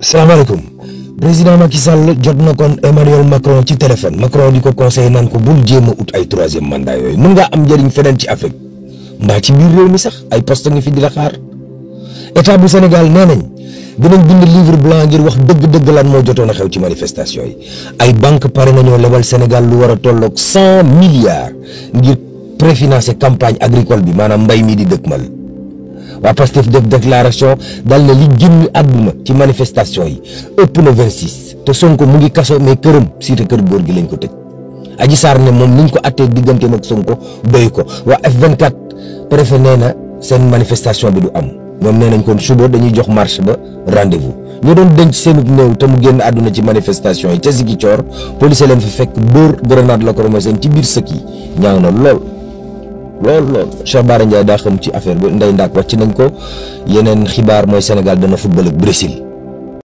salaamaaleykum président Macky Sall jot na kon Emmanuel Macron ci téléphone Macron di ko conseillé naan ko bul jéem a ut ay troisième mandat yooyu mun ngaa am njariñ feneen ci Afrique mbaa ci biir réew mi sax ay poste ngi fi di la xaar état bu Sénégal nee nañ dinañ bind livre blanc ngir wax dëgg-dëgg lan moo jotoon a xew ci manifestation yi ay banque pare nañoo lebal Sénégal lu war a tolloog cent milliards ngir préfinancer campagne agricole bi maanaam mbay mi di dëkkmal waa Pastef def déclaration dal na li génn àdduna ci manifestation yi ëpp na 26 te Sonko mu ngi kaso mais këram cité kër góor gi lañ ko tëj Adji Sarr ne moom niñ ko attee digganteem ak Sonko doy ko waa F24 préfet nee na seen manifestation bi du am ñoom nee nañ kon suba dañuy jox marche ba rendez-vous doon denc seenu néew te mu génn àdduna ci manifestation yi ca Ziguinchor police leen fi fekk dóor grenade lacrymogène ci biir sëkk yi ñaaw na lool. lool lool Cheikh Bara daa xam ci affaire bi Ndeye Ndack wàcc nañ ko yeneen xibaar mooy Sénégal dana football ak Brésil.